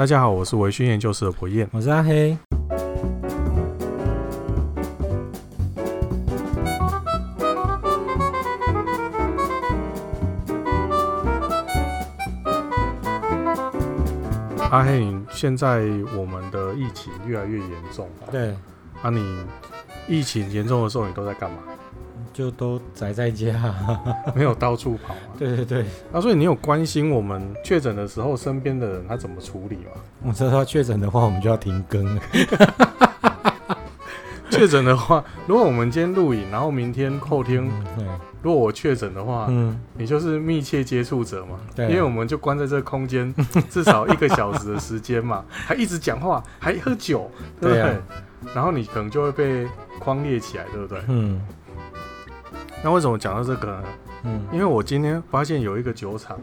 大家好，我是微醺研究室的柏彥，我是阿黑。阿黑、啊，現在我們的疫情越來越嚴重了，對。阿、啊、你，疫情嚴重的時候，你都在幹嘛？就都宅在家、啊， 沒有到處跑嘛。 對對對、啊，那所以你有關心我們確診的時候，身邊的人他怎麼處理嗎？我知道他確診的話，我們就要停更 確診的話，如果我們今天錄影，然後明天後天，嗯、對，如果我確診的話，嗯，你就是密切接觸者嘛，對，因為我們就關在這個空間，至少一個小時的時間嘛， 還一直講話，還喝酒，對不對？對啊、然後你可能就會被框列起來，對不對？嗯。那為什麼講到這個呢？嗯，因為我今天發現有一個酒廠，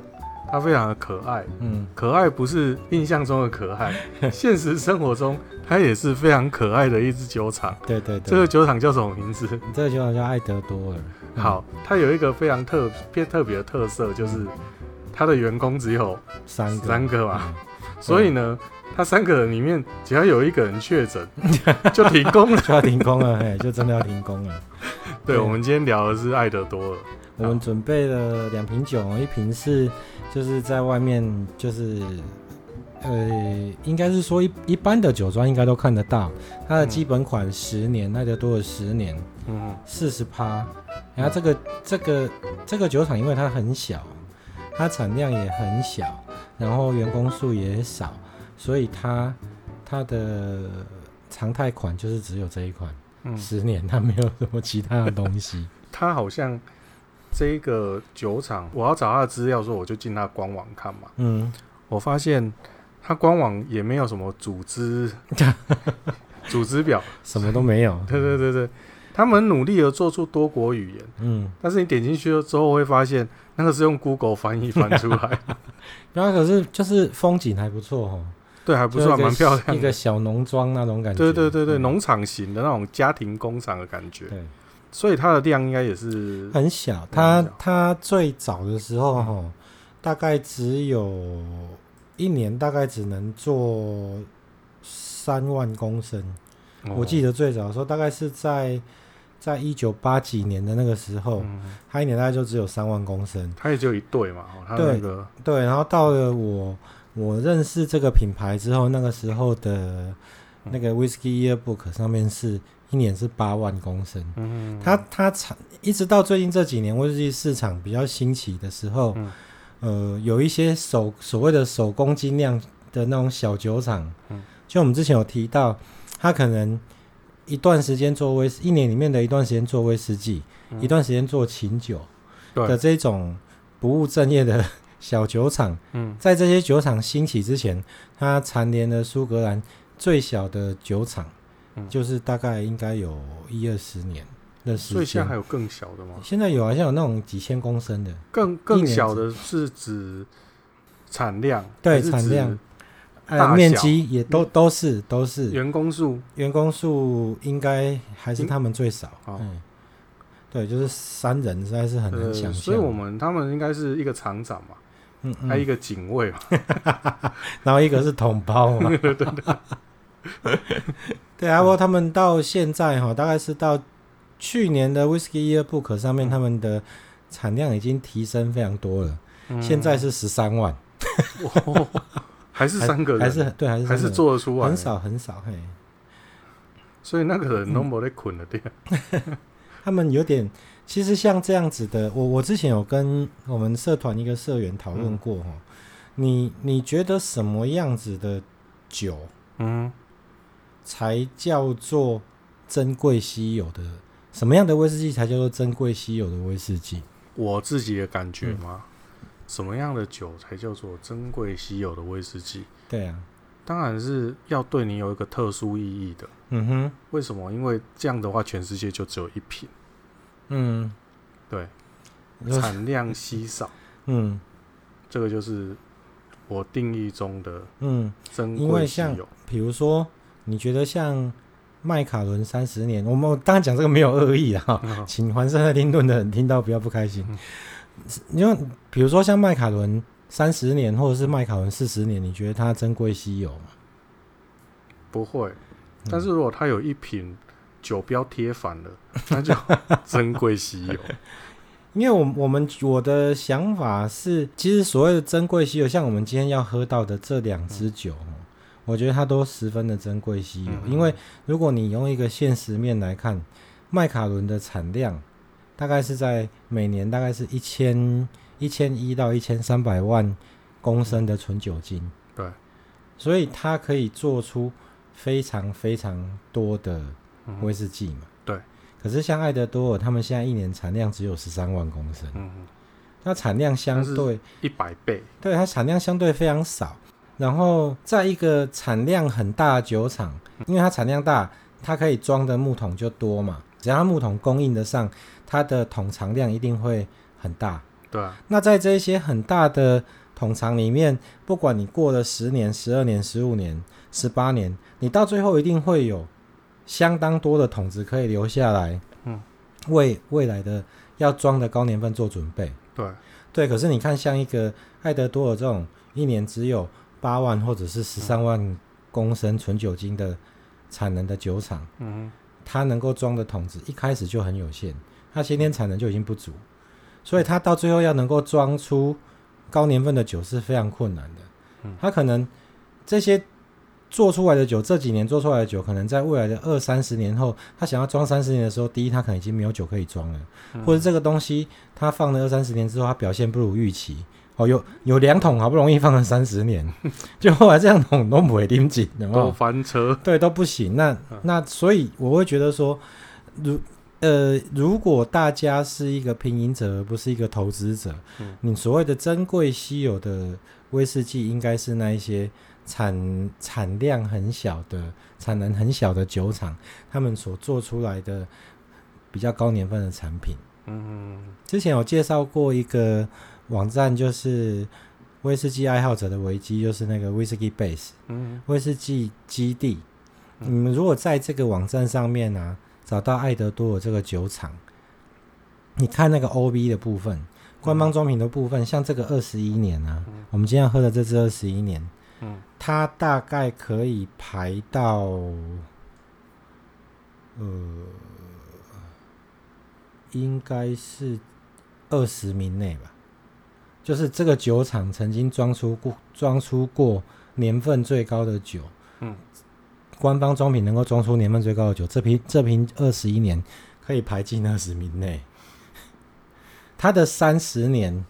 它非常的可愛。嗯，可愛不是印象中的可愛，嗯、現實生活中 它也是非常可愛的一隻酒廠。對對對，這個酒廠叫什麼名字？這個酒廠叫艾德多爾。嗯、好，它有一個非常特別特別的特色，就是它的員工只有三個三個嘛，嗯、所以呢。嗯他三個人裡面，只要有一個人確診， 就停工了，就要停工了， 嘿，就真的要停工了。對，嗯、我們今天聊的是艾德多爾，我們準備了兩瓶酒，一瓶是就是在外面，就是呃，應該是說一一般的酒莊應該都看得到，它的基本款十年，嗯、艾德多爾的十年，嗯嗯，四十趴。然後這個、嗯、這個這個酒廠，因為它很小，它產量也很小，然後員工數也很少。所以它它的常態款就是只有這一款，嗯、十年它沒有什麼其他的東西。它好像這個酒廠，我要找他的資料說，我就進他官網看嘛。嗯，我發現他官網也沒有什麼組織 組織表，什麼都沒有。 對對對對，嗯、他們努力的做出多國語言，嗯，但是你點進去之後會發現，那個是用 Google 翻譯翻出來。然後 可是就是風景還不錯哦。對，還不算蠻漂亮，一個小農莊那種感覺。對對對對，農場型的那種家庭工廠的感覺。對，所以它的量應該也是很小。它它最早的時候哈，大概只有一年，大概只能做三萬公升。我記得最早的時候大概是在在一九八幾年的那個時候，它一年大概就只有三萬公升。它也只有一對嘛，它那個對，然後到了我。我認識這個品牌之後，那個時候的那個 Whiskey Yearbook 上面是一年是八萬公升。嗯哼嗯哼。它它產一直到最近這幾年，威士忌市場比較興起的時候，嗯、呃，有一些手所謂的手工精釀的那種小酒廠，就我們之前有提到，它可能一段時間做威士，一年裡面的一段時間做威士忌，嗯、一段時間做琴酒，的這種不務正業的。小酒廠，嗯，在這些酒廠興起之前，它蟬聯了蘇格蘭最小的酒廠，就是大概應該有一二十年那時間。最小還有更小的嗎？現在有啊，像有那種幾千公升的，更更小的是指產量，對產量，呃，面積也都都是都是員工數，員工數應該還是他們最少。嗯，對，就是三人實在是很難想象。所以我們他們應該是一個廠長嘛。還有一個警衛、嗯嗯、 然後一個是同胞嘛， 對對對， 對，對啊。不過他們到現在哈、哦，大概是到去年的 Whisky Yearbook 上面，嗯、他們的產量已經提升非常多了，嗯、現在是十三萬、哦，還是三個人，還是，還是對，還是還是做得出啊，很少很少嘿。所以那個人都沒在睡了。嗯 他們有點，其實像這樣子的，我我之前有跟我們社團一個社員討論過哈、嗯，你你覺得什麼樣子的酒，嗯哼，才叫做珍貴稀有的？什麼樣的威士忌才叫做珍貴稀有的威士忌？我自己的感覺嗎？嗯、什麼樣的酒才叫做珍貴稀有的威士忌？對啊，當然是要對你有一個特殊意義的。嗯哼，為什麼？因為這樣的話，全世界就只有一瓶。嗯，對，產量稀少，嗯，這個就是我定義中的嗯珍貴稀有。嗯，因為像，比如說，你覺得像麥卡倫三十年，我們我當然講這個沒有惡意哈、喔，嗯哦、請黃色愛丁頓的人聽到不要不開心。因為比如說像麥卡倫三十年，或者是麥卡倫四十年，你覺得它珍貴稀有嗎？不會，但是如果它有一瓶。嗯酒標貼反了，那就 珍貴稀有。因為我我們我的想法是，其實所謂的珍貴稀有，像我們今天要喝到的這兩支酒，嗯、我覺得它都十分的珍貴稀有。嗯嗯嗯，因為如果你用一個現實面來看，麥卡倫的產量大概是在每年大概是一千一千一到一千三百萬公升的純酒精，對，所以它可以做出非常非常多的。威士忌嘛，嗯、對。可是像艾德多爾，他們現在一年產量只有十三萬公升，嗯哼，那產量相對一百倍，對，它產量相對非常少。然後在一個產量很大的酒廠，因為它產量大，它可以裝的木桶就多嘛，只要它木桶供應得上，它的桶藏量一定會很大。對、啊。那在這些很大的桶藏裡面，不管你過了十年、十二年、十五年、十八年，你到最後一定會有。相當多的桶子可以留下來，為未來的要裝的高年份做準備、嗯。對，對。可是你看，像一個艾德多爾這種一年只有八萬或者是十三萬公升純酒精的產能的酒廠，它、嗯、能夠裝的桶子一開始就很有限，它先天產能就已經不足，所以它到最後要能夠裝出高年份的酒是非常困難的。它可能這些，做出來的酒，這幾年做出來的酒，可能在未來的二三十年後，他想要裝三十年的時候，第一，他可能已經沒有酒可以裝了，嗯、或者這個東西他放了二三十年之後，他表現不如預期。哦，有有兩桶好不容易放了三十年，嗯、就後來這兩桶都，都不會拎緊，然、嗯、後翻車，對，都不行。那那所以我會覺得說，如呃，如果大家是一個品飲者，而不是一個投資者，嗯、你所謂的珍貴稀有的威士忌，應該是那一些。產產量很小的產能很小的酒廠，他們所做出來的比較高年份的產品。嗯，嗯，嗯之前有介紹過一個網站，就是威士忌愛好者的維基，就是那個威士忌 Base，嗯，嗯威士忌基地。嗯、你們如果在這個網站上面呢、啊，找到艾德多爾的這個酒廠，你看那個 O B 的部分，官方裝瓶的部分，嗯、像這個二十一年啊，嗯嗯、我們今天喝的這支二十一年。嗯，它大概可以排到，呃，應該是二十名內吧。就是這個酒廠曾經裝出過裝出過年份最高的酒，嗯，官方裝瓶能夠裝出年份最高的酒，這瓶這瓶二十一年可以排進二十名內。它 的三十年，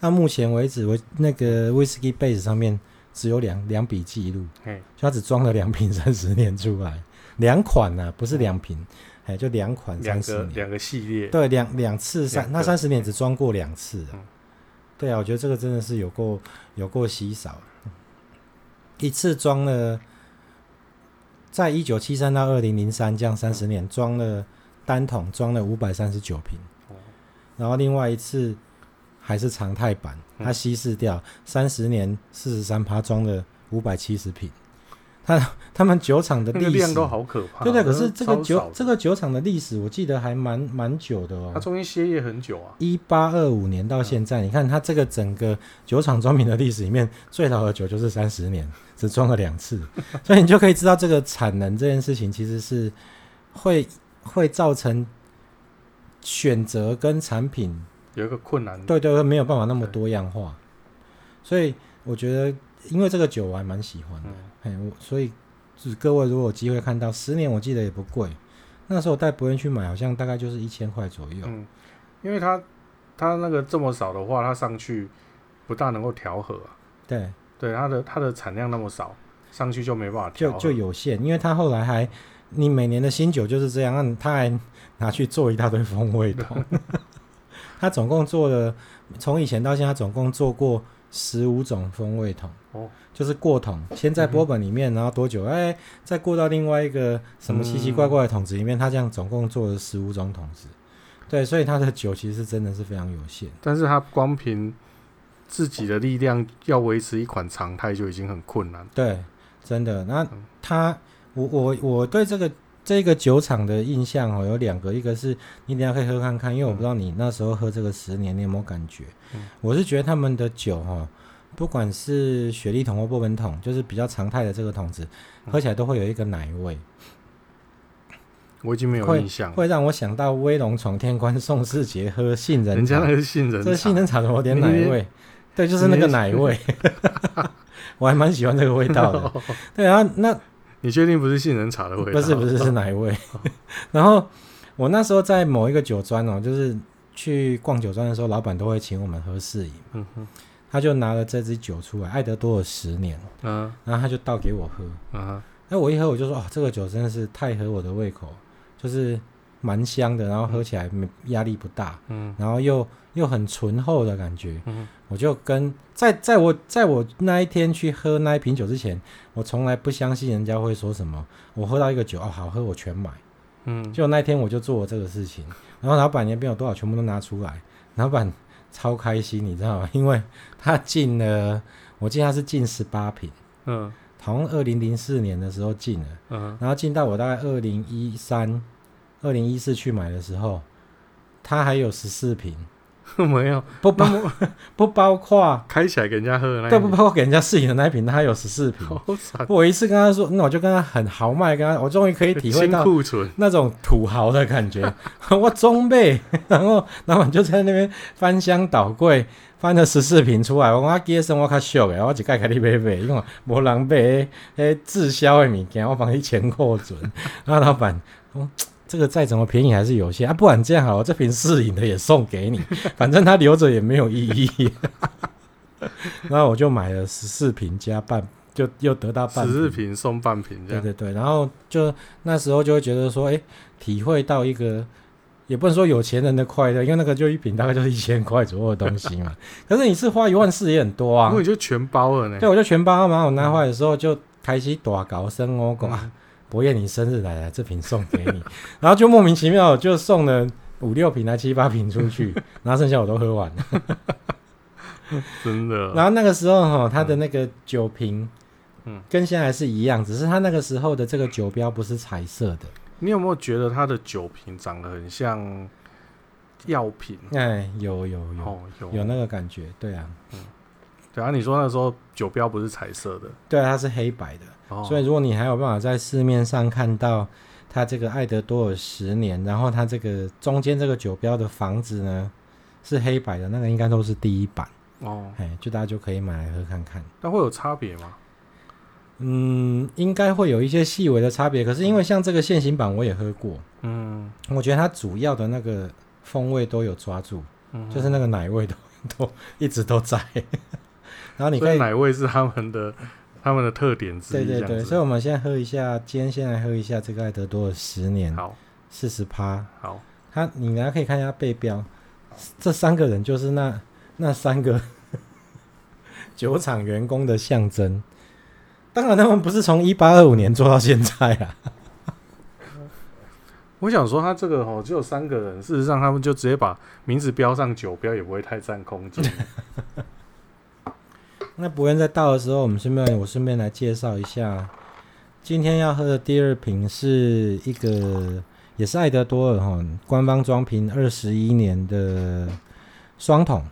那、啊、目前為止，威、那個 whisky base 上面，只有兩兩筆記錄，嘿就他只裝了兩瓶三十年出來，兩、嗯、款呢、啊，不是兩瓶，哎、嗯，就款兩款三十年，兩個系列，對，兩兩次三兩個那三十年只裝過兩次、啊，嗯、對啊，我覺得這個真的是有夠有夠稀少、啊嗯，一次裝了，在一九七三到二零零三這樣三十年、嗯、裝了單桶裝了五百三十九瓶，嗯、然後另外一次。還是常態版，它稀釋掉三十、嗯、年四十三趴裝了五百七十瓶。他他們酒廠的歷史力量都好可怕，對，對對。嗯、可是這個酒這個酒廠的歷史，我記得還蠻蠻久的哦。它終於歇業很久啊，一八二五年到現在。嗯、你看它這個整個酒廠裝瓶的歷史裡面，最老的酒就是三十年，只裝了兩次， 所以你就可以知道這個產能這件事情其實是會會造成選擇跟產品。有一個困難。對，對對，沒有辦法那麼多樣化，對所以我覺得，因為這個酒我還蠻喜歡的，嗯、嘿我所以，各位如果有機會看到十年，我記得也不貴，那時候帶別人去買，好像大概就是一千塊左右，嗯，因為它它那個這麼少的話，它上去不大能夠調和，對對，它的它的產量那麼少，上去就沒辦法調，就就有限，因為它後來還，你每年的新酒就是這樣，它還拿去做一大堆風味桶。對 他總共做了，從以前到現在總共做過十五種風味桶，哦，就是過桶，先在波本裡面，嗯、哼然後多久？哎，再過到另外一個什麼奇奇怪怪的桶子裡面，嗯、他這樣總共做了十五種桶子。對，所以他的酒其實真的是非常有限。但是他光憑自己的力量要維持一款常態就已經很困難。對，真的。那他，我我我對這個。這個酒廠的印象哦，有兩個，一個是你等一下可以喝看看，因為我不知道你那時候喝這個十年、嗯、你有沒有感覺？嗯、我是覺得他們的酒哦，不管是雪莉桶或波本桶，就是比較常態的這個桶子，嗯、喝起來都會有一個奶味。我已經沒有印象了會，會讓我想到威龍闖天關宋世杰喝杏仁，人家喝杏仁，這杏仁茶有點奶味，也對，就是那個奶味， 我還蠻喜歡這個味道的。 對啊，那。你確定不是杏仁茶的味道？不是不是，是哪一位？哦、 然後我那時候在某一個酒莊哦、喔，就是去逛酒莊的時候，老闆都會請我們喝試飲。嗯、哼他就拿了這支酒出來，艾德多爾十年。啊、然後他就倒給我喝。那、啊、我一喝我就說，哦，這個酒真的是太合我的胃口，就是。蠻香的，然後喝起來沒壓力不大，嗯，然後又又很醇厚的感覺，嗯，我就跟在在我在我那一天去喝那一瓶酒之前，我從來不相信人家會說什麼，我喝到一個酒哦，好喝，我全買，嗯，就那天我就做了這個事情，然後老板也沒有多少，全部都拿出來，老板超開心，你知道嗎？因為他進了，嗯，我記得他是進十八瓶，嗯，從二零零四年的時候進了，嗯，然後進到我大概二零一三，二零一四去買的時候，他還有十四瓶，沒有不包有 不包括開起來給人家喝，對，不包括給人家試飲的那一瓶，他有十四瓶。瓶我一次跟他說，那我就跟他很豪邁，跟他我終於可以體會到那種土豪的感覺。庫 我裝備，然後老闆就在那邊翻箱倒櫃，翻了十四瓶出來。我講他節省我卡少了我就蓋蓋你杯我因為無浪費誒滯銷誒物件，我幫你全庫存。啊， 老板，我。這個再怎麼便宜還是有限啊！不管這樣好了，我這瓶試飲的也送給你，反正他留着也沒有意義。 然後我就買了十四瓶加半，就又得到半瓶。十四瓶送半瓶，這樣，對對對，然後就那時候就會覺得說，哎、欸，體會到一個也不能說有錢人的快樂，因為那個就一瓶大概就是一千塊左右的東西嘛。 可是你是花一萬四也很多啊，因為你就全包了呢、欸。對，我就全包了嘛。我拿回來的時候、嗯、就開始打高聲我 o 博彥，你生日來了，這瓶送給你， 然後就莫名其妙就送了五六瓶，啊，七八瓶出去， 然後剩下我都喝完了， 真的。然後那個時候哈、哦，他、嗯、的那個酒瓶，嗯，跟現在還是一樣，嗯、只是他那個時候的這個酒標不是彩色的。你有沒有覺得他的酒瓶長得很像藥品？哎，有有有、哦、有有那個感覺，對啊、嗯。對啊，你說那時候酒標不是彩色的，對啊，它是黑白的。所以，如果你還有辦法在市面上看到它這個愛德多爾十年，然後它這個中間這個酒標的房子呢，是黑白的那個，應該都是第一版哦。哎，就大家就可以買來喝看看。但會有差別嗎？嗯，應該會有一些細微的差別。可是因為像這個現行版，我也喝過，嗯，我覺得它主要的那個風味都有抓住，嗯、哼就是那個奶味都都一直都在。 然後你可以，看奶味是他們的。他們的特點之一，對對對，所以，我們先喝一下，今天先來喝一下這個艾德多爾的十年，好，四十趴，好，他，你大家可以看一下背標，好這三個人就是那那三個 酒廠員工的象徵。 當然，他們不是從一八二五年做到現在啊 。我想說，他這個哦、喔，只有三個人，事實上，他們就直接把名字標上酒標，也不會太佔空間。 那不用再倒的時候，我們順便我順便來介紹一下，今天要喝的第二瓶是一個，也是艾德多爾吼官方裝瓶二十一年的雙桶，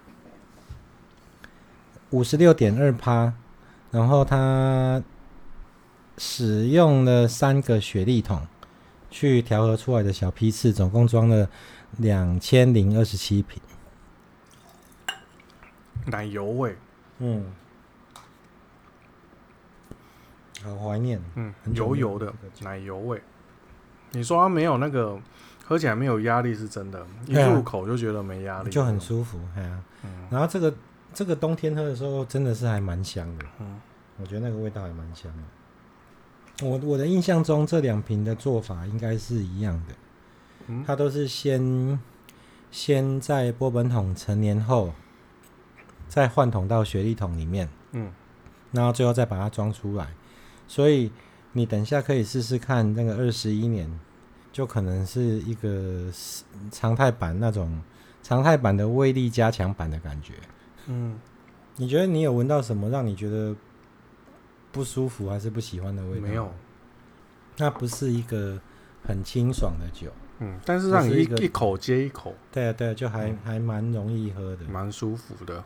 五十六點二趴，然後它使用了三個雪莉桶去調和出來的小批次，總共裝了兩千零二十七瓶，奶油味，嗯。很懷念，嗯，很油油的奶油味。你說它沒有那個喝起來沒有壓力是真的，嗯、一入口就覺得沒壓力，啊嗯、就很舒服。哎呀、啊，嗯、然後這個這個冬天喝的時候真的是還蠻香的，嗯，我覺得那個味道還蠻香的。我我的印象中這兩瓶的做法應該是一樣的，嗯、它都是先先在波本桶陳年後，再換桶到雪莉桶裡面，嗯，然後最後再把它裝出來。所以你等一下可以試試看那個二十一年，就可能是一個常態版，那種常態版的威力加強版的感覺。嗯，你覺得你有聞到什麼讓你覺得不舒服還是不喜歡的味道？沒有，那不是一個很清爽的酒。嗯，但是讓你是一一口接一口，對啊對啊，就還、嗯、還蠻容易喝的，蠻舒服的。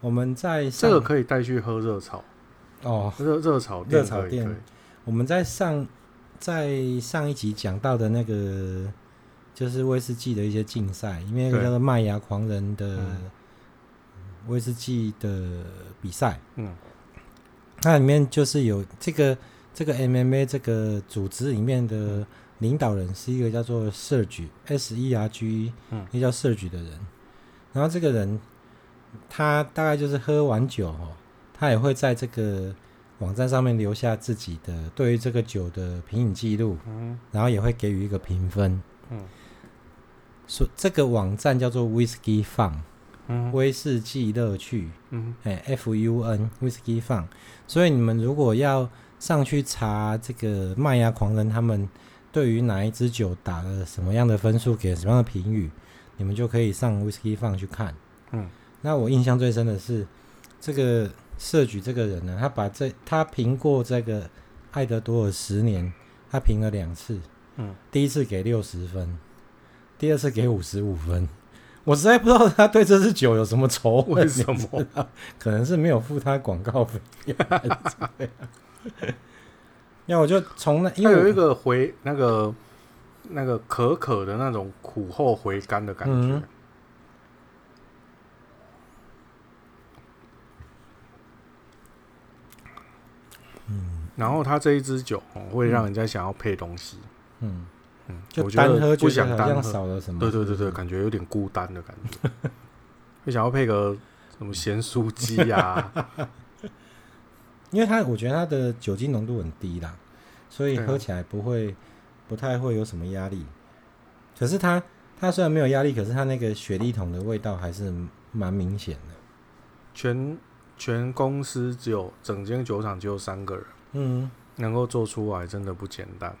我們在這個可以帶去喝熱炒。哦，熱熱炒店，我們在上在上一集講到的那個，就是威士忌的一些競賽，因為叫做麥芽狂人的威士忌的比賽。對 嗯，那裡面就是有這個這個 MMA 這個組織裡面的領導人是一個叫做 Serg S E R G，嗯，那叫 Serg 的人。然後這個人，他大概就是喝完酒哦。他也會在這個網站上面留下自己的對於這個酒的評語記錄，嗯、然後也會給予一個評分，嗯。所這個網站叫做 Whisky Fun，嗯，威士忌樂趣，嗯，哎、欸，F-U-N，Whisky Fun。所以你們如果要上去查這個麥芽狂人他們對於哪一支酒打了什麼樣的分數，給了什麼樣的評語，你們就可以上 Whisky Fun 去看，嗯。那我印象最深的是這個。設局這個人呢，他把這他評過這個艾德多爾十年，他評了兩次，嗯、第一次給六十分，第二次給五十五分，是我實在不知道他對這支酒有什麼仇，為什麼？可能是沒有付他廣告費。那 我就從那，因為他有一個回那個那個可可的那種苦後回甘的感覺。嗯然後他這一支酒會讓人家想要配東西，嗯嗯，嗯就單喝就像我覺得不想單喝少了什麼？對對對對，感覺有點孤單的感覺，會 想要配個什麼鹹酥雞啊、嗯？ 因為它我覺得它的酒精濃度很低啦，所以喝起來不會、啊、不太會有什麼壓力。可是它它雖然沒有壓力，可是它那個雪莉桶的味道還是蠻明顯的。全全公司只有整間酒廠只有三個人。嗯，能夠做出來真的不簡單，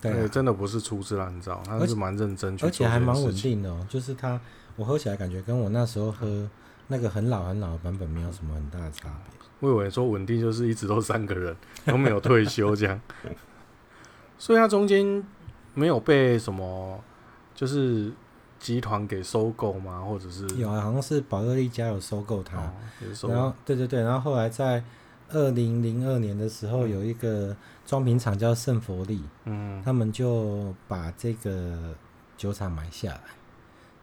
對、啊，真的不是粗製濫造，他是蠻認真，而且，而且還蠻穩定的、哦。就是他，我喝起來感覺跟我那時候喝那個很老很老的版本沒有什麼很大的差別。我以為說穩定就是一直都三個人都沒有退休這樣。 所以他中間沒有被什麼就是集團給收購嘛，或者是有、啊，好像是保樂力加家有收購他、哦、然後對對對，然後後來在。二零零二年的時候，有一個裝瓶廠叫聖佛利，嗯、他們就把這個酒廠買下來，嗯、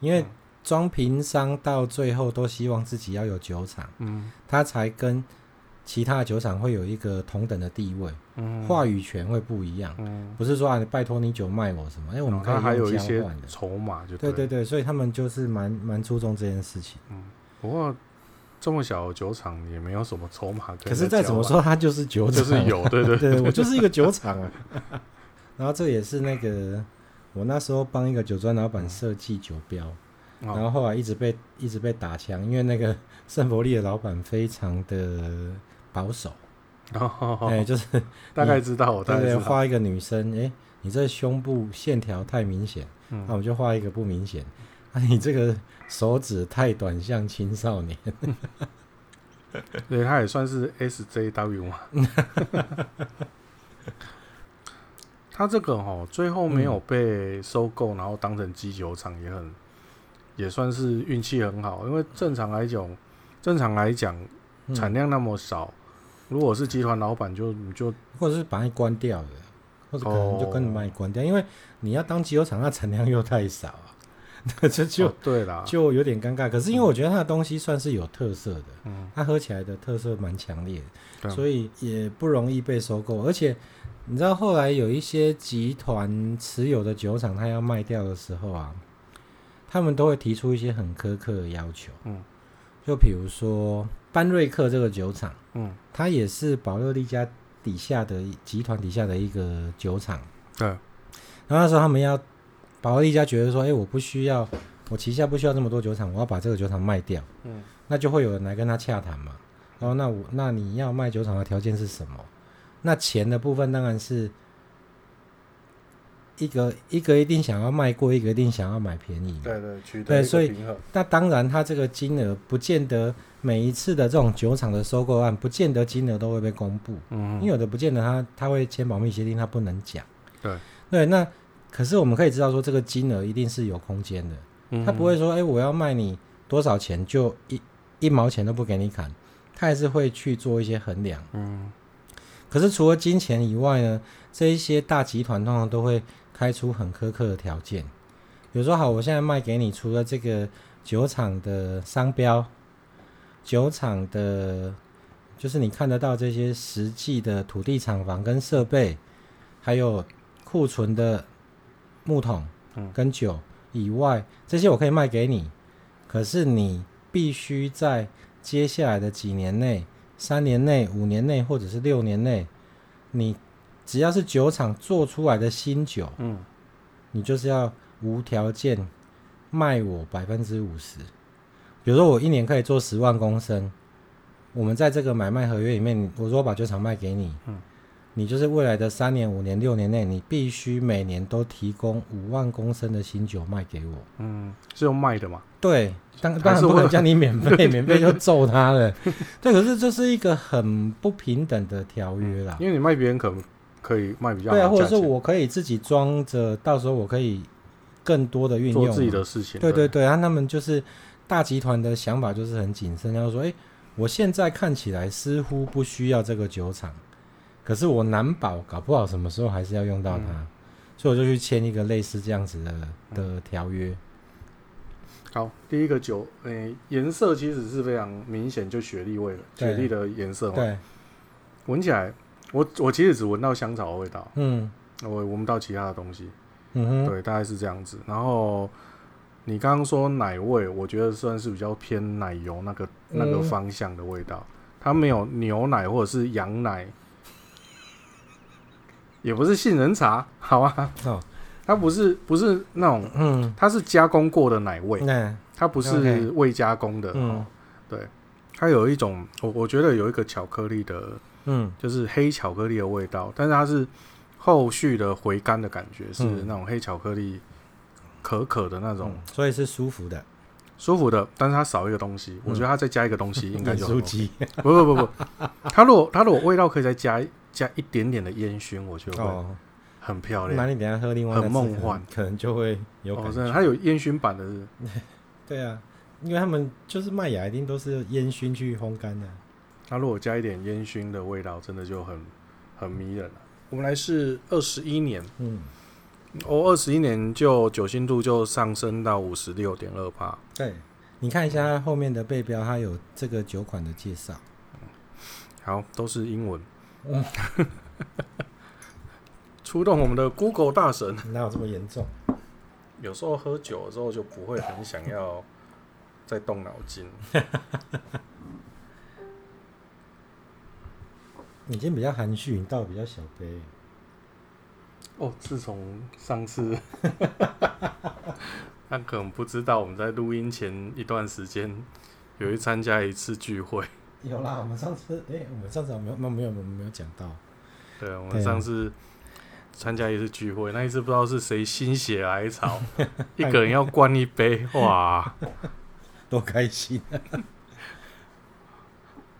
因為裝瓶商到最後都希望自己要有酒廠，他、嗯、才跟其他的酒廠會有一個同等的地位，嗯、話語權會不一樣，嗯嗯、不是說、啊、你拜託你酒賣我什麼，因、欸、為我們可以交還有一些籌碼，就對對對，所以他們就是蠻蠻注重這件事情，嗯、不過。這麼小酒廠也沒有什麼籌碼可。可是再怎麼說，他就是酒廠。就是有，對對對， 對，我就是一個酒廠啊。 然後這也是那個，我那時候幫一個酒莊老板設計酒標，哦、然後後來一直被一直被打槍，因為那個聖伯利的老板非常的保守。哦哦哎、哦欸，就是大概知道，對對，畫一個女生，誒、欸，你這胸部線條太明顯，那、嗯啊、我就畫一個不明顯，那、啊、你這個。手指太短，像青少年。所 以他也算是 S J W 嘛。 他這個齁，最後沒有被收購，嗯、然後當成基酒廠也很，也算是運氣很好。因為正常來講，正常來講，產量那麼少，如果是集團老闆，就、嗯、你就或者是把你關掉的，或者可能就跟你把那關掉，哦、因為你要當基酒廠，那產量又太少這 就、啊、對了，就有點尷尬。可是因為我覺得他的東西算是有特色的，他、嗯、喝起來的特色蠻強烈的，嗯、所以也不容易被收購。而且你知道，後來有一些集團持有的酒廠，他要賣掉的時候啊，嗯、他們都會提出一些很苛刻的要求，嗯，就比如說班瑞克這個酒廠，嗯，他也是保樂力加底下的集團底下的一個酒廠，對、嗯，然後那時候他們要。保利家覺得說：“哎、欸，我不需要，我旗下不需要這麼多酒廠，我要把這個酒廠賣掉。”嗯，那就會有人來跟他洽談嘛。然後那我那你要賣酒廠的條件是什麼？那錢的部分當然是一個一個一定想要賣貴，一個一定想要買便宜。對對，取得一個平衡。對，所以那當然他這個金額不見得每一次的這種酒廠的收購案不見得金額都會被公布。嗯，因為有的不見得他他會簽保密協定，他不能講。對對，那。可是我們可以知道說，這個金額一定是有空間的，他不會說，誒，我要賣你多少錢，就一一毛錢都不給你砍，他還是會去做一些衡量。嗯，可是除了金錢以外呢，這一些大集團通常都會開出很苛刻的條件，比如說，好，我現在賣給你除了這個酒廠的商標、酒廠的，就是你看得到這些實際的土地、廠房跟設備，還有庫存的。木桶跟酒以外，嗯，這些我可以賣給你，可是你必須在接下來的幾年內、三年內、五年內或者是六年內，你只要是酒廠做出來的新酒，嗯，你就是要無條件賣我百分之五十。比如說我一年可以做十萬公升，我們在這個買賣合約裡面，我說我把酒廠賣給你，嗯。你就是未來的三年、五年、六年內，你必須每年都提供五萬公升的新酒賣給我。嗯，是用賣的嗎？對，當當然不能叫你免費，對對對免費就揍他了。對，可是這是一個很不平等的條約啦、嗯。因為你賣別人可能可以賣比較好對啊，或者是我可以自己裝着，到時候我可以更多的運用做自己的事情。對對對啊，他們就是大集團的想法就是很謹慎，要說誒、欸，我現在看起來似乎不需要這個酒廠。可是我難保搞不好什麼時候還是要用到它，嗯、所以我就去簽一個類似這樣子的的條約。好，第一個酒，欸，誒，顏色其實是非常明顯就雪莉味對的，雪莉的顏色嘛。對。聞起來，我我其實只聞到香草的味道。嗯。我聞不到其他的東西。嗯哼對，大概是這樣子。然後你剛剛說奶味，我覺得算是比較偏奶油那個、嗯、那個方向的味道，它沒有牛奶或者是羊奶。也不是杏仁茶，好啊，它不是不是那種，嗯，它是加工過的奶味，嗯、它不是未加工的，嗯、對，它有一種，我我覺得有一個巧克力的，嗯，就是黑巧克力的味道，但是它是後續的回甘的感覺，嗯、是那種黑巧克力可可的那種，嗯、所以是舒服的，舒服的，但是它少一個東西，我覺得它再加一個東西應該就、OK，嗯、不不不不， 它如果它如果味道可以再加。加一點點的煙燻，我就會很漂亮。Oh, 漂亮，那你等下喝另外很夢幻，可能就會有感覺。Oh, 它有煙燻版的是， 對啊，因為他們就是麥芽一定都是煙燻去烘乾的。它如果加一點煙燻的味道，真的就很很迷人了。我們來試二十一年，嗯，哦，二十一年就酒精度就上升到五十六點二%。對，你看一下它後面的背標，它有這個酒款的介紹。好，都是英文。嗯， 出動我們的 Google 大神，哪有這麼嚴重？有時候喝酒的時候就不會很想要再動腦筋。 你今天比較含蓄，你倒比較小杯。哦，自從上次， 他可能不知道我們在錄音前一段時間，有去參加一次聚會。有啦，我們上次，誒、欸，我們上次沒有，那沒有，我們沒有講到。對，我們上次參加一次聚會，啊、那一次不知道是誰心血來潮， 一個人要灌一杯， 哇，多開心、啊！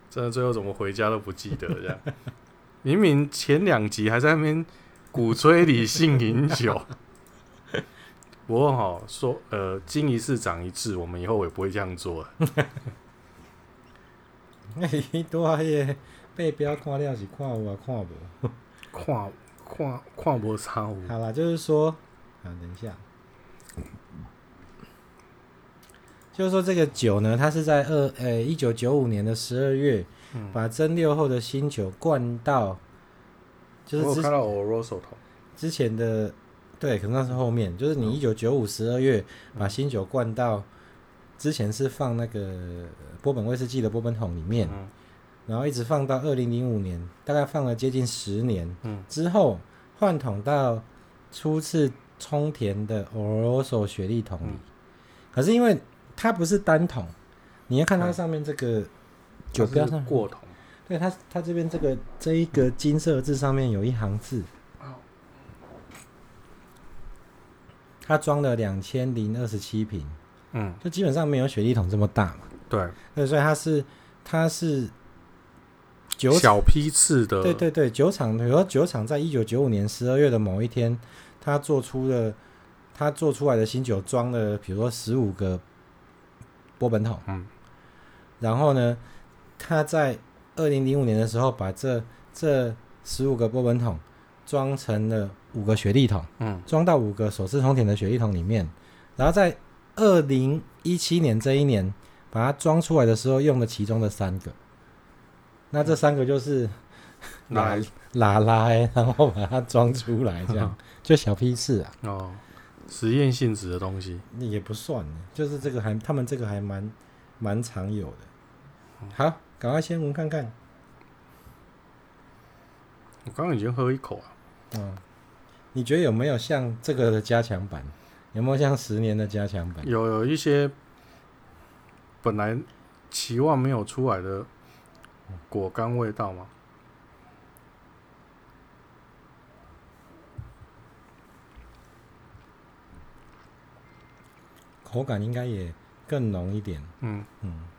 真的，最後怎麼回家都不記得，這樣。 明明前兩集還在那邊鼓吹理性飲酒，不過、 哦、說，呃，經一事長一智，我們以後也不會這樣做了。 哎，欸、多一背標看了是看有啊，看無？ 看看看無三五。好啦，就是說，等一下， 就是說這個酒呢，它是在二誒一九九五年的十二月，嗯、把蒸餾後的新酒灌到，就是我我、so. 之前的，對，可能那是後面，就是你一九九五十二月、嗯、把新酒灌到。之前是放那個波本威士忌的波本桶裡面，嗯、然後一直放到二零零五年，大概放了接近十年。嗯、之後換桶到初次充填的歐羅斯歐羅索雪莉桶裡。嗯、可是因為它不是單桶，你要看它上面這個酒標嘿上就是過桶。對，它它這邊這個這一個金色字上面有一行字，嗯、它裝了兩千零二十七瓶。嗯，就基本上沒有雪莉桶這麼大嘛。對，所以它是它是酒小批次的，對對對，酒廠比如說，酒廠在一九九五年十二月的某一天，他做出了他做出來的新酒裝了比如說十五個波本桶，嗯，然後呢，他在二零零五年的時候把這這十五個波本桶裝成了五個雪莉桶，嗯，裝到五個首次充填的雪莉桶裡面，然後在。二零一七年這一年，把它裝出來的時候用了其中的三個，那這三個就是哪拿來 喇喇，然後把它裝出來，這樣 就小批次啊。哦，實驗性質的東西，也不算，就是這個還他們這個還蠻蠻常有的。好，趕快先聞看看，我剛剛已經喝一口啊。嗯、哦，你覺得有沒有像這個的加強版？有沒有像十年的加強版？有有一些本來期望沒有出來的果乾味道嗎、嗯？口感應該也更濃一點。嗯嗯。嗯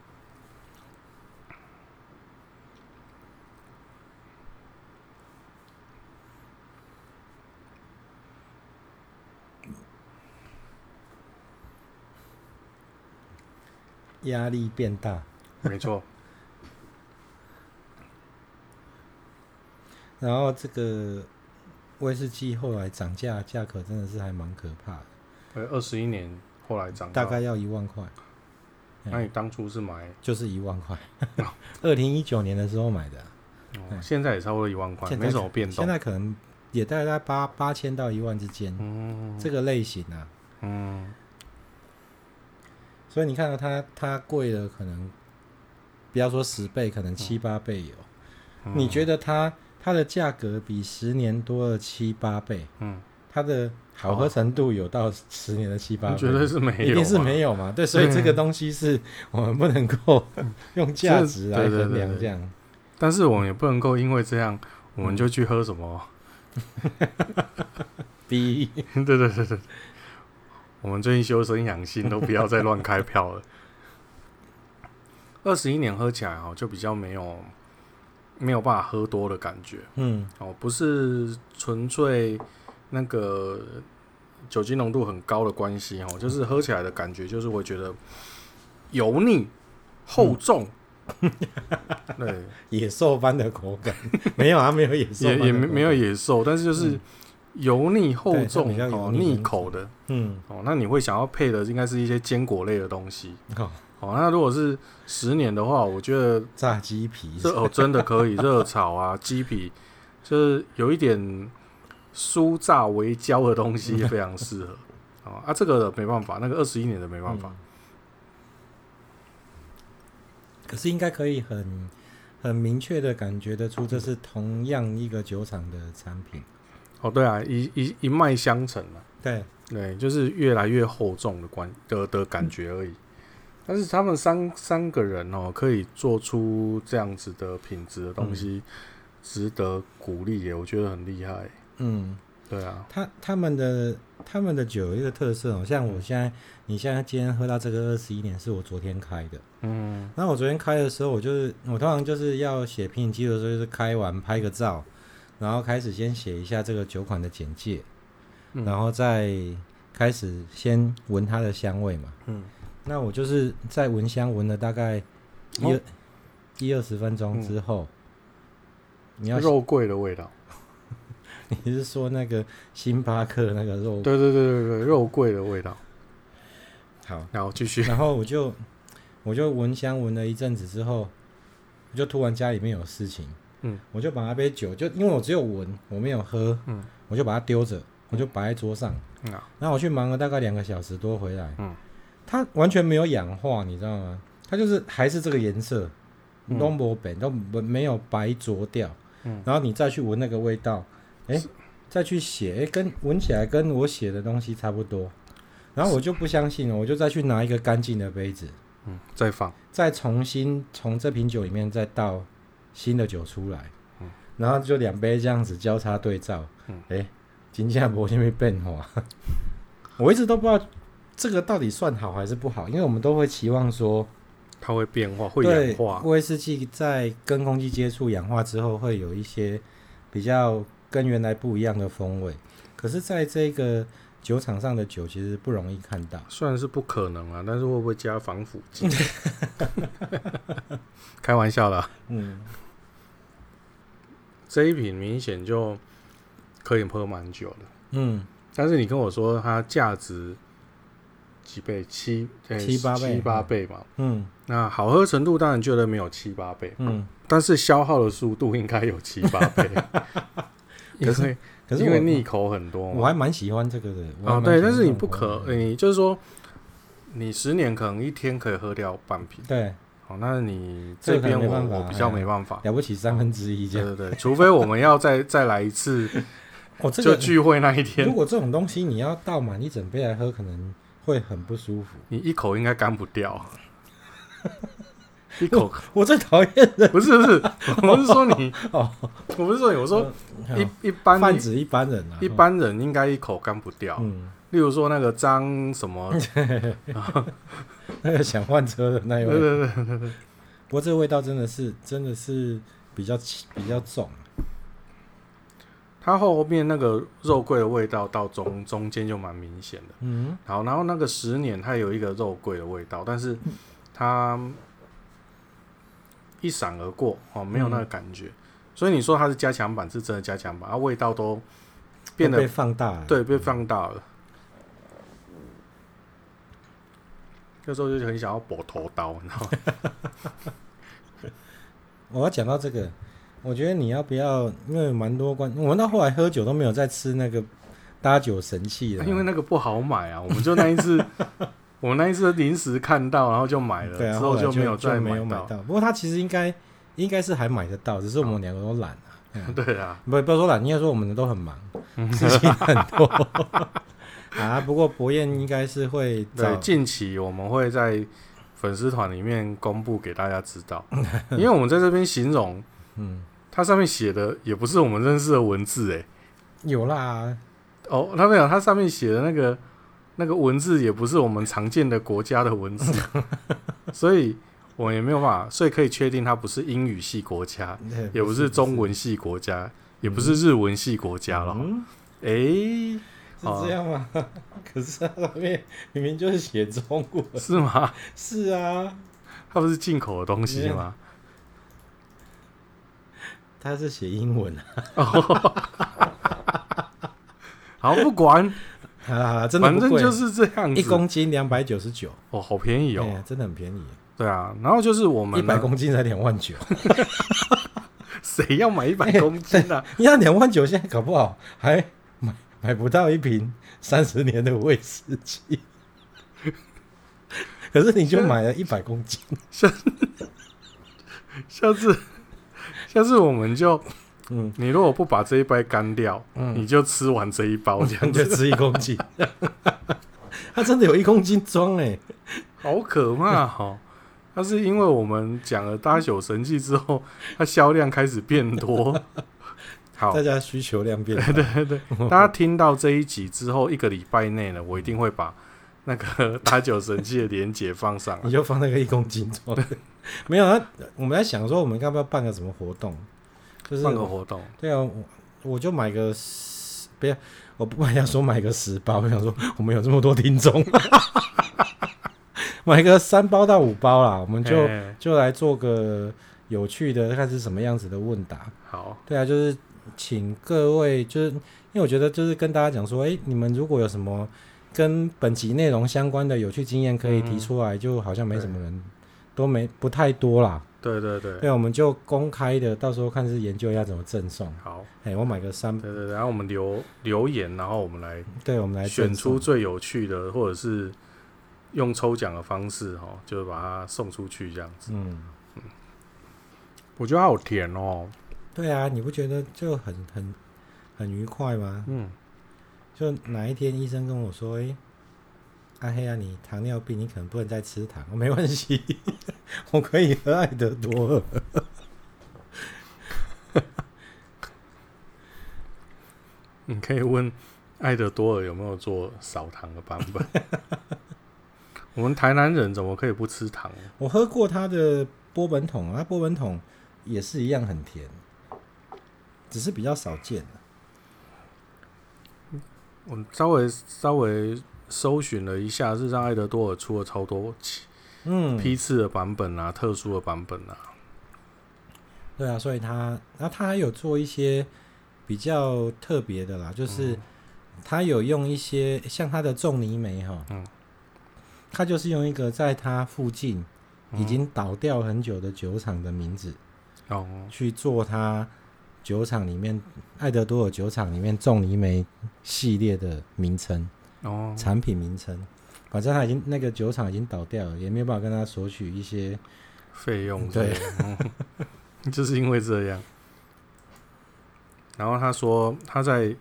壓力變大，沒錯錯。 然後這個威士忌後來漲價，價格真的是還蠻可怕的。二十一年後來漲，大概要一萬塊。那你當初是買、嗯、就是一萬塊？二零一九年的時候買的，啊、 現在也差不多一萬塊，沒什麼變動。現在可能也大概八八千到一萬之間。嗯、這個類型啊，嗯所以你看到它，它貴了，可能不要說十倍，可能七八倍有。嗯、你覺得它它的價格比十年多了七八倍？嗯，它的好喝程度有到十年的七八倍？絕對、嗯哦、是沒有，一定是沒有嘛？嗯、對，所以這個東西是我們不能夠用價值來衡量。這樣，但是我們也不能夠因為這樣，嗯、我們就去喝什麼？哈哈哈哈哈！第一，對對對對。我們最近修身養性，都不要再亂開票了。二十一年喝起來哈，就比較沒有沒有辦法喝多的感覺。嗯，哦，不是純粹那個酒精濃度很高的關係哦，就是喝起來的感覺，就是我覺得油膩厚重，嗯、 對，野獸般的口感。沒有啊，沒有野 也，也也沒沒有野獸，但是就是。嗯油膩厚重油哦，膩口的，嗯，哦，那你會想要配的應該是一些堅果類的東西，哦，哦，那如果是十年的話，我覺得這炸雞皮是哦，真的可以熱 炒啊，雞皮就是有一點酥炸微焦的東西非常適合、嗯哦，啊，這個沒辦法，那個二十一年的沒辦法，嗯、可是應該可以很很明確的感覺得出，這是同樣一個酒廠的產品。嗯哦，oh, 對啊，一一一脈相承嘛，啊，對對，就是越來越厚重的觀的的感覺而已。嗯，但是他們三三個人哦，可以做出這樣子的品質的東西，嗯，值得鼓勵耶，我覺得很厲害。嗯，對啊，他他們的他們的酒有一個特色，好像我現在，嗯，你現在今天喝到這個二十一年，是我昨天開的。嗯，那我昨天開的時候，我就是我通常就是要寫品酒記錄的時候，就是開完拍個照。然後開始先寫一下這個酒款的簡介，嗯、然後再開始先聞它的香味嘛。嗯，那我就是在聞香聞了大概一、哦、一二十分鐘之後，嗯、你要肉桂的味道？ 你是說那個星巴克的那個肉？對對對對對，肉桂的味道。好，然後繼續。然後我就我就聞香聞了一陣子之後，我就突然家裡面有事情。嗯，我就把那杯酒，就因為我只有聞，我沒有喝，嗯，我就把它丟着，我就擺在桌上，嗯，然後我去忙了大概兩個小時多回來，嗯，它完全沒有氧化，你知道嗎？它就是還是這個顏色，都沒變，都沒有白濁掉，嗯，然後你再去聞那個味道，哎，再去寫，欸，跟聞起來跟我寫的東西差不多，然後我就不相信了，我就再去拿一個乾淨的杯子，嗯，再放，再重新從這瓶酒裡面再倒。新的酒出來，然後就兩杯這樣子交叉對照，哎、嗯，酒精度有沒變化？ 我一直都不知道這個到底算好還是不好，因為我們都會期望說它會變化、會氧化。威士忌在跟空氣接觸氧化之後，會有一些比較跟原來不一樣的風味。可是，在這個酒廠上的酒其實不容易看到。雖然是不可能啊，但是會不會加防腐劑？ 開玩笑啦。嗯。這一瓶明顯就可以喝蠻久的。嗯，但是你跟我說它價值幾倍，七七七八倍，七八倍嘛，嗯，那好喝程度當然覺得沒有七八倍，嗯，但是消耗的速度應該有七八倍，可是可是因為膩口很多，我還蠻喜歡這個的，啊對，但是你不可，你就是說你十年可能一天可以喝掉半瓶，對。好，那你這邊我我比較沒辦法，了不起三分之一這樣，對對，除非我們要再再來一次，就聚會那一天。如果這種東西你要倒滿，你整杯來喝，可能會很不舒服。你一口應該乾不掉，一口，我最討厭的不是不是，我是說你哦，我不是說你，我說一一般泛指一般人啊，一般人應該一口乾不掉。例如說那個張什麼，那個想換車的那一位， 對對對笑不過這個味道真的是，真的是比較輕，比較重、啊。它後面那個肉桂的味道到中中間就蠻明顯的。嗯。好，然後那個十年它有一個肉桂的味道，但是它一閃而過哦，沒有那個感覺。嗯、所以你說它是加強版，是真的加強版，它、啊、味道都變得被放大，對，被放大了。嗯那時候就很想要搏頭刀，你知道嗎？我要講到這個，我覺得你要不要？因為有蠻多關，我們到後來喝酒都沒有再吃那個搭酒神器了，啊，因為那個不好買啊。我們就那一次， 我們那一次臨時看到，然後就買了，對啊，之後就沒有再沒有買到。不過他其實應該應該是還買得到，只是我們兩個都懶啊。嗯，對啊不，不不說懶，應該說我們都很忙，事情很多。 啊！不過博彥應該是會在近期，我們會在粉絲團裡面公布給大家知道， 因為我們在這邊形容，嗯，它上面寫的也不是我們認識的文字、欸，誒、啊，有啦，哦，他沒有，它上面寫的那個那個文字也不是我們常見的國家的文字， 所以我也沒有辦法，所以可以確定它不是英語系國家，對也不是中文系國家，不是也不是日文系國家了，誒、嗯。欸是這樣嗎？Oh. 可是上面明明就是寫中國，是嗎？ 是啊，它不是進口的東西嗎？它、嗯、是寫英文啊！Oh. 好，不管 啊，真的，反正就是這樣，一公斤兩百九十九，哦，好便宜哦，嗯啊、真的很便宜。對啊，然後就是我們一百公斤才兩萬九，誰 要買一百公斤啊？欸欸、你要兩萬九，現在搞不好還。買不到一瓶三十年的威士忌， 可是你就買了一百公斤。下次，下次我們就，嗯，你如果不把這一杯乾掉，嗯，你就吃完這一包，嗯、這樣就吃一公斤。 他真的有一公斤裝哎，好可怕哈、哦！那是因為我們講了大酒神器之後，它銷量開始變多。 好，大家需求量變大。對對對， 大家聽到這一集之後，一個禮拜內呢， 我一定會把那個打酒神器的鏈接放上了。你就放那個一公斤裝的。對沒有啊，我們在想說，我們要不要辦個什麼活動？就是辦個活動。對啊，我我就買個十，不要，我不要說買個十包，我想說我們有這麼多聽眾， 買個三包到五包啦，我們就嘿就來做個有趣的，看是什麼樣子的問答。好，對啊，就是。請各位，就是，因為我覺得就是跟大家講說，誒、欸，你們如果有什麼跟本集內容相關的有趣經驗可以提出來，嗯、就好像沒什麼人，對都沒不太多啦。對對對，那我們就公開的，到時候看是研究一下怎麼贈送。好，哎、欸，我買個三，對對，對然後我們留留言，然後我們來，對，我們來選出最有趣的，或者是用抽獎的方式，哈，就是、把它送出去這樣子。嗯嗯，我覺得好甜哦。對啊，你不覺得就很很很愉快嗎？嗯，就哪一天醫生跟我說：“哎，阿黑啊，你糖尿病，你可能不能再吃糖。”哦，沒關係， 我可以喝艾德多爾。 你可以問艾德多爾有沒有做少糖的版本？ 我們台南人怎麼可以不吃糖？我喝過他的波本桶，他波本桶也是一樣很甜。只是比較少見的。我稍微稍微搜尋了一下，日上艾德多爾出了超多嗯批次的版本啊，特殊的版本啊。對啊，所以他那他還有做一些比較特別的啦，就是他有用一些、嗯、像他的重泥煤哈，嗯、他就是用一個在他附近已經倒掉很久的酒廠的名字、嗯、去做他酒廠裡面，艾德多爾酒廠裡面，重泥煤系列的名稱，哦，產品名稱，反正他已經那個酒廠已經倒掉了，也沒有辦法跟他索取一些費用，對，哦、 就是因為這樣。然後他說他在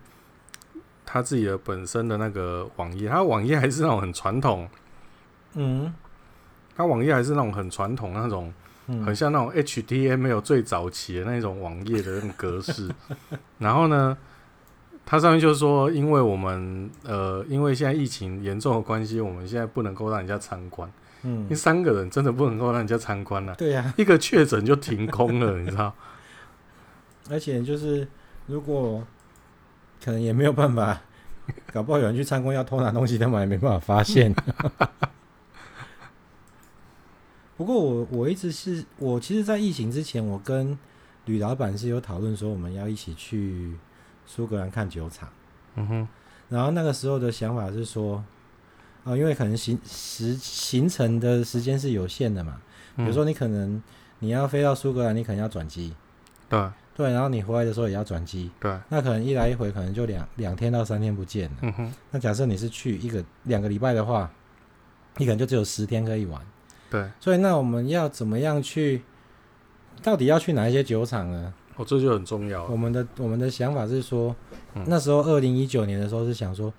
他自己的本身的那個網頁，他網頁還是那種很傳統，嗯，他網頁還是那種很傳統那種。嗯、很像那種 HTML 最早期的那種網頁的那種格式， 然後呢，它上面就是說，因為我們呃，因為現在疫情嚴重的關係，我們現在不能夠讓人家參觀，嗯，因為三個人真的不能夠讓人家參觀、啊啊、了，對呀，一個確診就停工了，你知道？而且就是如果可能也沒有辦法，搞不好有人去參觀要偷拿東西，他們也沒辦法發現。 不過我我一直是我，其實，在疫情之前，我跟呂老闆是有討論說，我們要一起去蘇格蘭看酒廠。嗯哼。然後那個時候的想法是說，啊、呃，因為可能行時行程的時間是有限的嘛，比如說你可能你要飛到蘇格蘭，你可能要轉機。對、嗯。對，然後你回來的時候也要轉機。對。那可能一來一回，可能就兩兩天到三天不見了。嗯哼。那假設你是去一個兩個禮拜的話，你可能就只有十天可以玩。對，所以那我們要怎麼樣去？到底要去哪一些酒廠呢、啊？哦，這就很重要。我們的我們的想法是說，嗯、那時候二零一九年的時候是想說，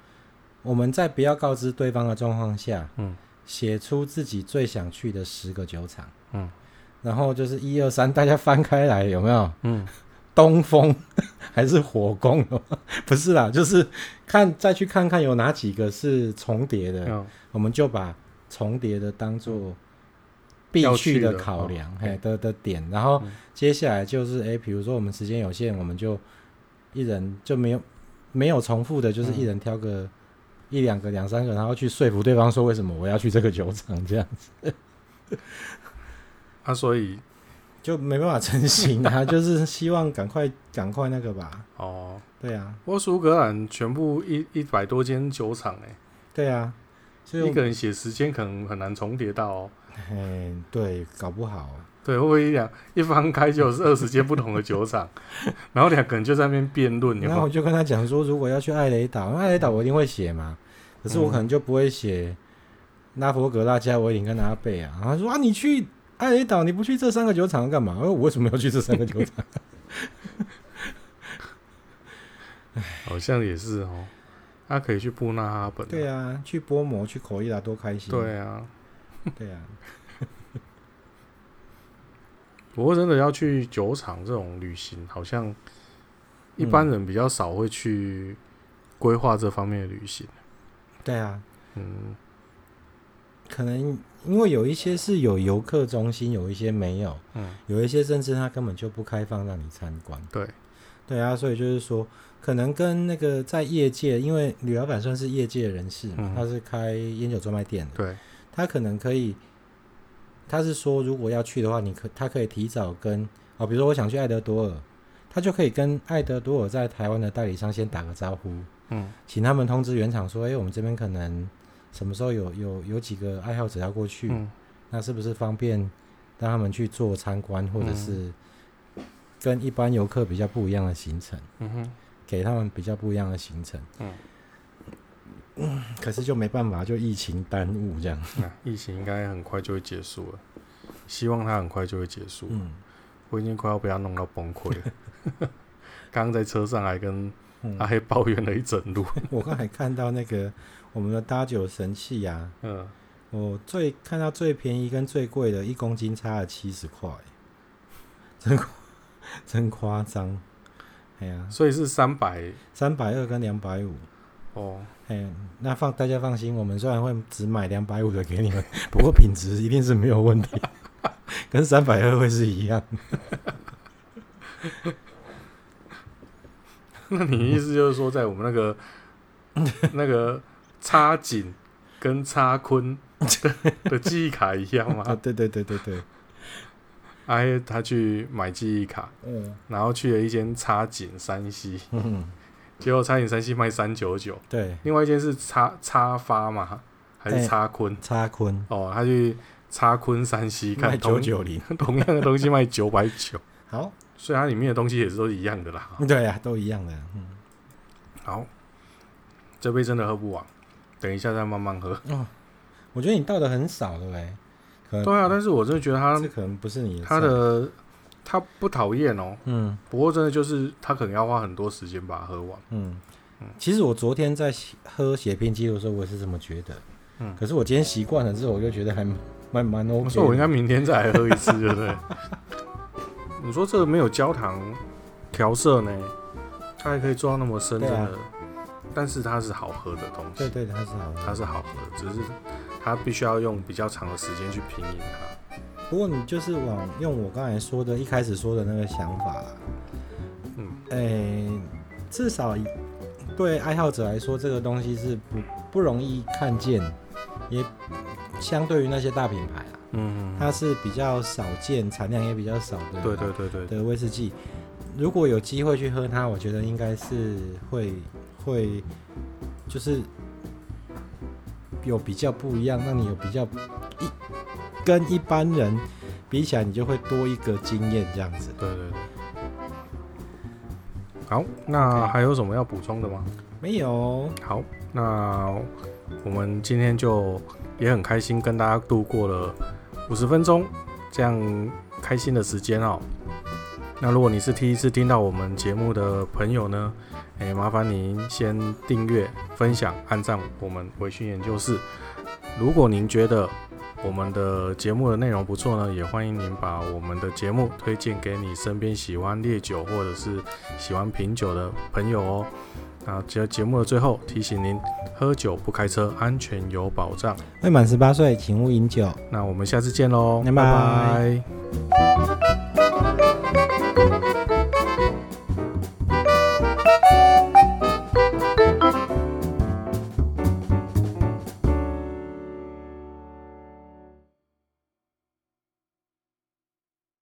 我們在不要告知對方的狀況下，嗯，寫出自己最想去的十個酒廠，嗯，然後就是一二三，大家翻開來有沒有？嗯，東風還是火攻有沒有？不是啦，就是看再去看看有哪幾個是重疊的，嗯、我們就把重疊的當做、嗯。必須的考量，哦、嘿的的點，然後接下來就是，誒、欸，比如說我們時間有限，我們就一人就沒有沒有重複的，就是一人挑個、嗯、一兩個、兩三個，然後去說服對方說為什麼我要去這個酒廠這樣子、嗯。 啊，所以就沒辦法成型啊， 就是希望趕快趕快那個吧。哦，對啊，波蘇格蘭全部一一百多間酒廠、欸，誒，對啊，所以一個人寫時間可能很難重疊到、哦。嗯，對，搞不好，對，會不會一兩一方開就是二十間不同的酒廠， 然後兩個人就在那邊辯論。有有，然後我就跟他講說，如果要去艾雷島，艾雷島我一定會寫嘛，嗯、可是我可能就不會寫拉、嗯、佛格拉加，我應該阿貝啊。然後他說啊，你去艾雷島，你不去這三個酒廠幹嘛？我為什麼要去這三個酒廠？好像也是哦，他、啊、可以去布納哈本，對啊，去波摩，去口伊達，多開心，對啊。 對啊。不過真的要去酒廠這種旅行，好像一般人比較少會去規劃這方面的旅行。對啊，嗯，可能因為有一些是有遊客中心，嗯、有一些沒有，嗯，有一些甚至他根本就不開放讓你參觀。對，對啊，所以就是說，可能跟那個在業界，因為呂老闆算是業界的人士嘛，嗯、他是開菸酒專賣店的，對。他可能可以，他是說，如果要去的話，你可他可以提早跟哦。比如說我想去艾德多爾，他就可以跟艾德多爾在台灣的代理商先打個招呼，嗯，請他們通知原廠說，誒、欸，我們這邊可能什麼時候有有有幾個愛好者要過去，嗯、那是不是方便讓他們去做參觀，或者是跟一般遊客比較不一樣的行程，嗯哼，給他們比較不一樣的行程，嗯可是就沒辦法，就疫情耽誤這樣、啊。疫情應該很快就會結束了，希望它很快就會結束了。嗯、我已經快要被它弄到崩潰了。剛 在車上還跟他還抱怨了一整路。嗯、 我剛才看到那個我們的搭酒神器呀、啊，嗯，我最看到最便宜跟最貴的，一公斤差了七十塊，真真誇張。哎呀，所以是三百三百二跟兩百五哦。哎，那放大家放心，我們雖然會只買兩百五的給你們，不過品質一定是沒有問題，跟三百二會是一樣的。 那你意思就是說，在我們那個 那個插錦跟插坤的， 的記憶卡一樣嗎？ 啊、對對對對對。哎，他去買記憶卡，嗯，然後去了一間插錦 3C。結果餐飲 3C 賣三九九，對，另外一件是叉叉發嘛，還是叉坤？欸、叉坤哦，他去叉坤 3C 賣九九零，同樣的東西賣九百九， 好，所以它裡面的東西也是都一樣的啦。對呀、啊，都一樣的，嗯。好，這杯真的喝不完，等一下再慢慢喝。哦，我覺得你倒的很少，對不對？啊，但是我真的覺得它可能不是你的它的。他不討厭哦，嗯，不過真的就是他可能要花很多時間把它喝完，嗯，嗯，其實我昨天在喝寫、品飲紀錄的時候，我也是這麼覺得，嗯。可是我今天習慣了之後，我就覺得還蠻蠻 OK 的。所以我，我應該明天再來喝一次對，對不對？你說這個沒有焦糖調色呢，它還可以做到那麼深真的，啊、但是它是好喝的東西，對，對對，它是好喝的，它是好喝，只是它必須要用比較長的時間去品飲它。不過你就是往，用我剛才說的一開始說的那個想法啦，嗯，誒、欸，至少對愛好者來說，這個東西是不不容易看見，也相對於那些大品牌啊，嗯哼哼，它是比較少見，產量也比較少的，對對對對的威士忌，如果有機會去喝它，我覺得應該是會會就是有比較不一樣，讓你有比較一。跟一般人比起來，你就會多一個經驗這樣子。對對對。好，那 Okay. 還有什麼要補充的嗎？沒有。好，那我們今天就也很開心跟大家度過了五十分鐘這樣開心的時間哦。那如果你是第一次聽到我們節目的朋友呢，誒、欸，麻煩您先訂閱、分享、按讚我們微信研究室。如果您覺得，我們的節目的內容不錯呢，也歡迎您把我們的節目推薦給你身邊喜歡烈酒或者是喜歡品酒的朋友哦。那在節目的最後提醒您：喝酒不開車，安全有保障。未滿十八歲，請勿飲酒。那我們下次見嘍，yeah, bye bye 拜拜。